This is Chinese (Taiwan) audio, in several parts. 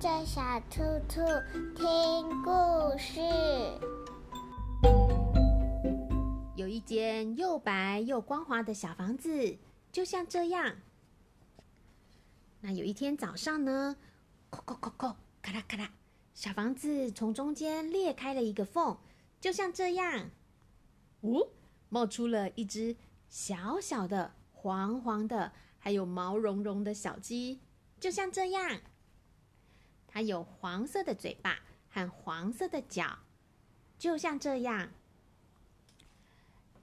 這小兔兔聽故事。有一間又白又光滑的小房子，就像這樣。那有一天早上呢，咔咔咔咔，咔啦咔啦，小房子從中間裂開了一個縫，就像這樣。哦，冒出了一隻小小的、黃黃的，還有毛茸茸的小雞，就像這樣。還有黃色的嘴巴，和黃色的腳，就像這樣。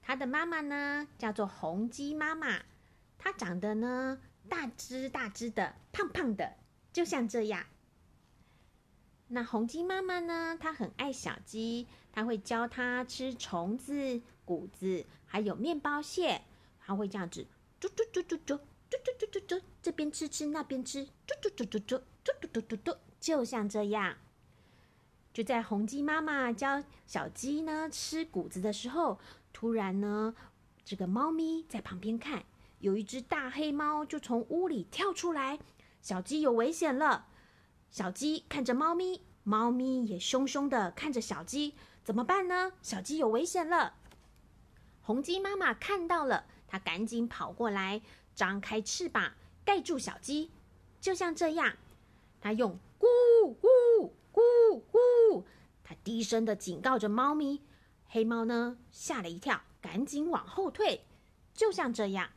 它的媽媽呢，叫做紅雞媽媽。它長得呢，大隻大隻的，胖胖的，就像這樣。那紅雞媽媽呢，它很愛小雞，它會教它吃蟲子、穀子，還有麵包屑。它會這樣子，啾啾啾啾啾啾啾啾啾啾，這邊吃吃，那邊吃，啾啾啾啾啾啾啾啾啾。啾啾啾啾啾啾啾啾就像這樣，就在紅雞媽媽教小雞呢吃穀子的時候，突然呢，這個貓咪在旁邊看，有一隻大黑貓就從屋裡跳出來，小雞有危險了。小雞看着貓咪，貓咪也兇兇的看着小雞，怎麼辦呢？小雞有危險了。紅雞媽媽看到了，它趕緊跑過來，張開翅膀蓋住小雞，就像這樣，它用。咕咕咕咕，它低聲地警告着貓咪。黑貓呢，嚇了一跳，趕緊往後退，就像這樣。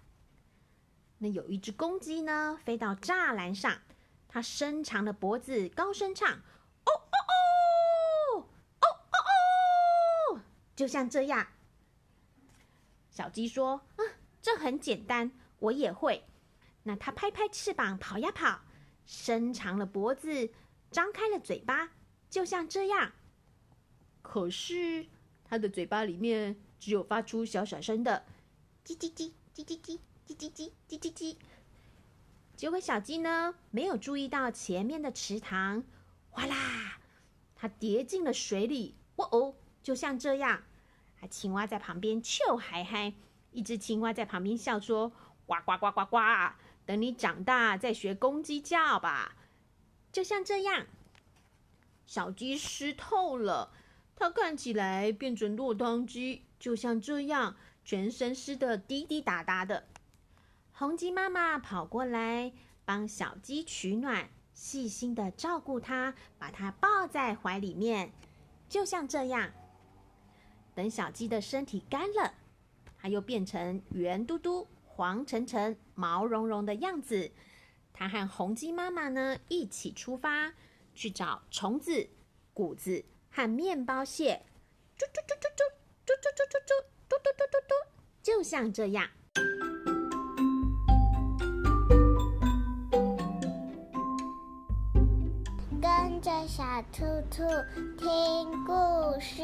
那有一隻公雞呢，飛到柵欄上，它伸長了脖子高聲唱：哦哦哦，哦哦哦，就像這樣。小雞說：“嗯、啊，這很簡單，我也會。”那它拍拍翅膀，跑呀跑。伸長了脖子，張開了嘴巴，就像這樣。可是它的嘴巴裡面只有發出小小聲的“嘰嘰嘰嘰嘰嘰嘰嘰嘰嘰嘰嘰嘰”叮叮叮叮叮叮叮叮。結果小雞呢，沒有注意到前面的池塘，嘩啦，它跌進了水裡。喔哦，就像這樣。啊，青蛙在旁邊笑嗨嗨，一隻青蛙在旁邊笑說：“呱呱呱呱呱。”等你長大再學公雞叫吧，就像這樣。小雞濕透了，它看起來變成落湯雞，就像這樣，全身濕得滴滴答答的。紅雞媽媽跑過來幫小雞取暖，細心地照顧它，把它抱在懷裡面，就像這樣。等小雞的身體乾了，它又變成圓嘟嘟、黃澄澄。毛茸茸的樣子，它和紅雞媽媽呢一起出發去找蟲子、谷子和麵包屑。嘟嘟嘟嘟嘟嘟嘟嘟嘟嘟嘟嘟嘟嘟，就像這樣。跟着小兔兔聽故事。